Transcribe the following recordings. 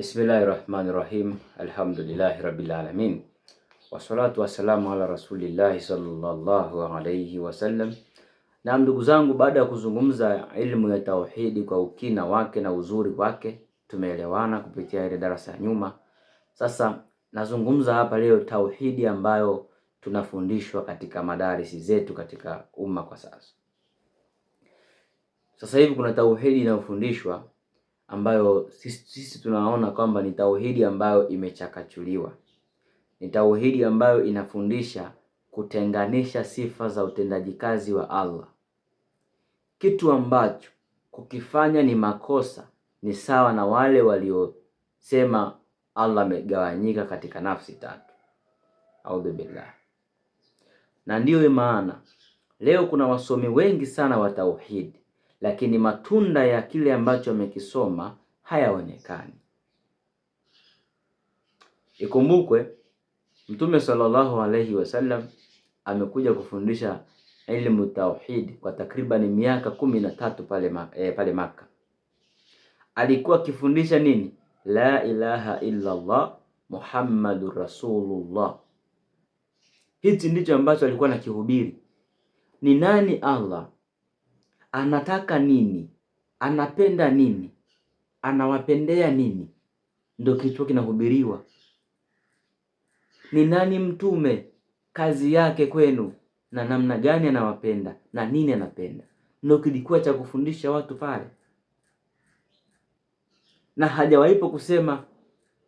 Bismillahi rahmani rahim, alhamdulillahi rabbil alamin, wassalatu wassalamu ala rasulillahi sallallahu alayhi wasallam. Na ndugu zangu, baada ya kuzungumza ilmu ya tauhidi kwa ukina wake na uzuri wake, tumeelewana kupitia ile darasa ya nyuma. Sasa nazungumza hapa leo tauhidi ambayo tunafundishwa katika madarisi zetu katika umma kwa sasa. Sasa hivi kuna tauhidi inayofundishwa ambayo sisi, sisi tunaona kwamba ni tauhidi ambayo imechakachuliwa, ni tauhidi ambayo inafundisha kutenganisha sifa za utendaji kazi wa Allah. Kitu ambacho kukifanya ni makosa ni sawa na wale waliosema Allah amegawanyika katika nafsi tatu. Audhu billah. Na ndiyo maana leo kuna wasomi wengi sana wa tauhidi lakini matunda ya kile ambacho amekisoma hayaonekani. Ikumbukwe Mtume sallallahu alayhi wasallam amekuja kufundisha ilmu tauhid kwa takriban miaka kumi na tatu pale, ma eh, pale Maka alikuwa akifundisha nini? La ilaha illa Allah Muhammadur Rasulullah. Hichi ndicho ambacho alikuwa nakihubiri. Ni nani Allah? anataka nini, anapenda nini, anawapendea nini, ndio kichwa kinahubiriwa. Ni nani mtume, kazi yake kwenu, na namna gani anawapenda na nini anapenda, ndio kilikuwa cha kufundisha watu pale, na hajawahipo kusema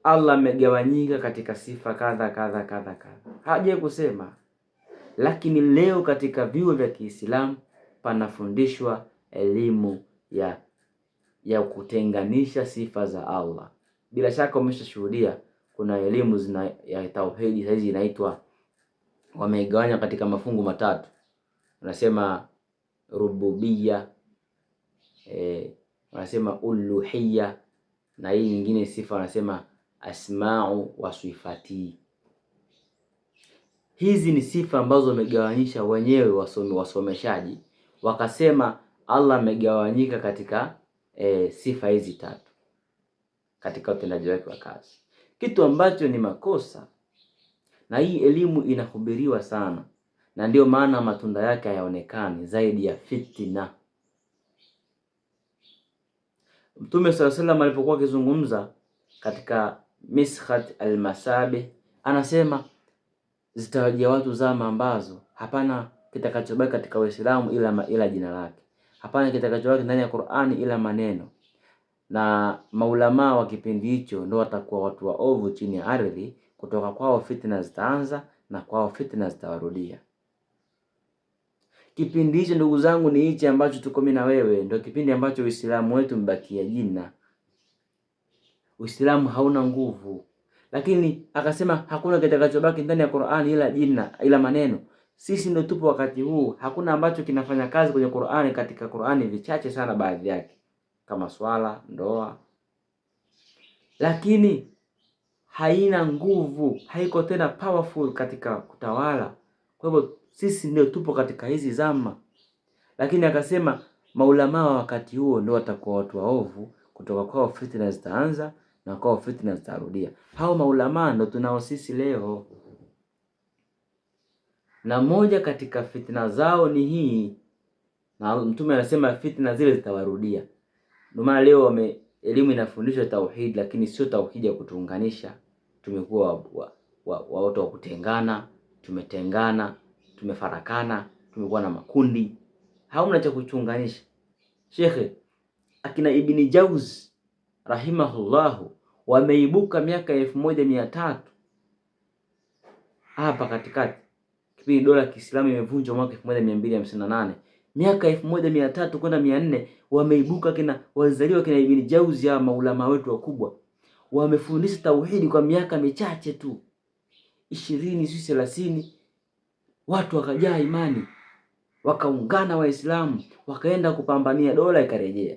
Allah amegawanyika katika sifa kadha kadha kadha kadha, haje kusema. Lakini leo katika vyuo vya Kiislamu panafundishwa elimu ya ya kutenganisha sifa za Allah. Bila shaka umeshashuhudia kuna elimu zina ya tauhidi saizi inaitwa, wameigawanya katika mafungu matatu, wanasema rububia eh, wanasema uluhia na hii nyingine sifa wanasema asmau wa sifati. Hizi ni sifa ambazo wamegawanyisha wenyewe wasome, wasomeshaji wakasema Allah amegawanyika katika e, sifa hizi tatu katika utendaji wake wa kazi, kitu ambacho ni makosa, na hii elimu inahubiriwa sana, na ndiyo maana matunda yake hayaonekani zaidi ya fitina. Mtume swalla sallam alipokuwa akizungumza katika Mishat al-Masabih anasema zitawajia watu zama ambazo hapana kitakachobaki katika Uislamu ila, ila jina lake. Hapana kitakachobaki ndani ya Qur'ani ila maneno. Na maulamaa wa kipindi hicho ndio watakuwa watu waovu chini ya ardhi, kutoka kwao fitna zitaanza na kwao fitna zitawarudia. Kipindi hicho ndugu zangu ni hichi ambacho tuko mimi na wewe, ndio kipindi ambacho Uislamu wetu mbakia jina. Uislamu hauna nguvu, lakini akasema hakuna kitakachobaki ndani ya Qur'ani ila jina, ila maneno sisi ndio tupo wakati huu, hakuna ambacho kinafanya kazi kwenye Qur'ani. Katika Qur'ani vichache sana baadhi yake kama swala, ndoa, lakini haina nguvu, haiko tena powerful katika kutawala. Kwa hivyo sisi ndio tupo katika hizi zama, lakini akasema maulamaa wa wakati huo ndio watakuwa watu waovu, kutoka kwao fitina zitaanza na kwao fitina zitarudia. Hao maulamaa ndio tunao sisi leo. Na moja katika fitna zao ni hii, na Mtume anasema fitna zile zitawarudia. Ndio maana leo wame elimu inafundishwa tauhid, lakini sio tauhidi ya kutuunganisha. Tumekuwa watu wa, wa, kutengana, tumetengana, tumefarakana, tumekuwa na makundi, hamna cha kuchunganisha. Shekhe akina Ibni Jauz rahimahullahu wameibuka miaka elfu moja mia tatu hapa katikati kipindi dola ya Kiislamu imevunjwa mwaka 1258. Miaka 1300 kwenda 400 wameibuka kina wazaliwa kina Ibn Jauzi, ya maulama wetu wakubwa, wamefundisha tauhidi kwa miaka michache tu 20 si 30 watu wakajaa imani, wakaungana Waislamu, wakaenda kupambania dola, ikarejea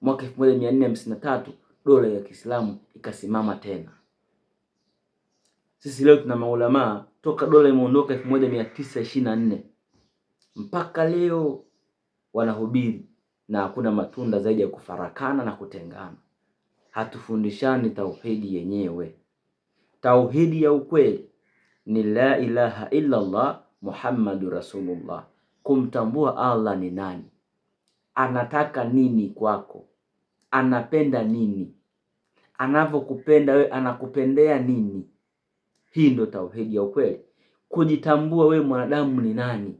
mwaka 1453 dola ya Kiislamu ikasimama tena. Sisi leo tuna maulamaa toka dola imeondoka elfu moja mia tisa ishirini na nne mpaka leo wanahubiri na hakuna matunda zaidi ya kufarakana na kutengana. Hatufundishani tauhidi yenyewe. Tauhidi ya ukweli ni la ilaha illa Allah Muhammadu Rasulullah, kumtambua Allah ni nani, anataka nini kwako, anapenda nini, anavyokupenda we anakupendea nini hii ndio tauhidi ya ukweli, kujitambua wewe mwanadamu ni nani,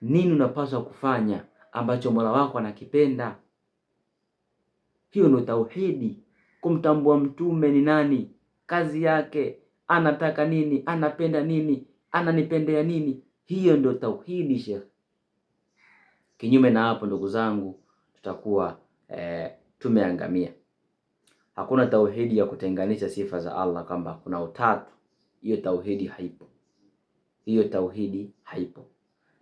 nini unapaswa kufanya ambacho Mola wako anakipenda. Hiyo ndio tauhidi, kumtambua mtume ni nani, kazi yake, anataka nini, anapenda nini, ananipendea nini. Hiyo ndio tauhidi Sheikh. Kinyume na hapo, ndugu zangu, tutakuwa eh, tumeangamia. Hakuna tauhidi ya kutenganisha sifa za Allah kwamba kuna utatu hiyo tauhidi haipo, hiyo tauhidi haipo.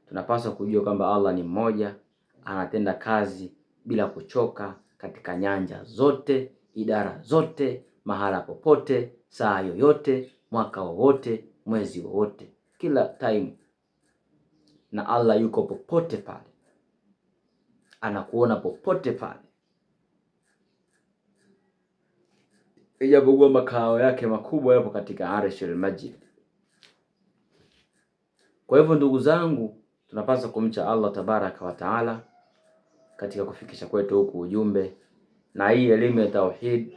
Tunapaswa kujua kwamba Allah ni mmoja, anatenda kazi bila kuchoka katika nyanja zote, idara zote, mahala popote, saa yoyote, mwaka wowote, mwezi wowote, kila time, na Allah yuko popote pale, anakuona popote pale. ijapokuwa makao yake makubwa yapo katika al Majid. Kwa hivyo ndugu zangu, tunapaswa kumcha Allah tabaraka wa taala katika kufikisha kwetu huku ujumbe, na hii elimu ya tauhid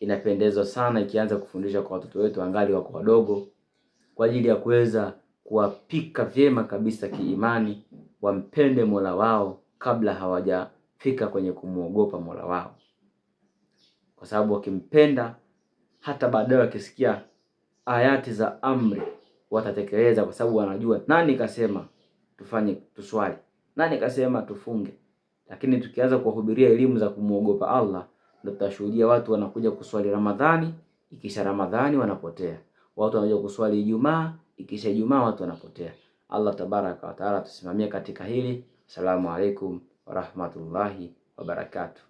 inapendezwa sana ikianza kufundisha kwa watoto wetu angali wako wadogo, kwa ajili ya kuweza kuwapika vyema kabisa kiimani, wampende Mola wao kabla hawajafika kwenye kumwogopa Mola wao kwa sababu wakimpenda hata baadaye wakisikia ayati za amri watatekeleza, kwa sababu wanajua nani kasema tufanye tuswali, nani kasema tufunge. Lakini tukianza kuwahubiria elimu za kumwogopa Allah, ndio tutashuhudia watu wanakuja kuswali Ramadhani, ikisha Ramadhani wanapotea. Watu wanakuja kuswali Ijumaa, ikisha Ijumaa watu wanapotea. Allah tabaraka wa taala tusimamie katika hili. Assalamu alaikum warahmatullahi wabarakatuh.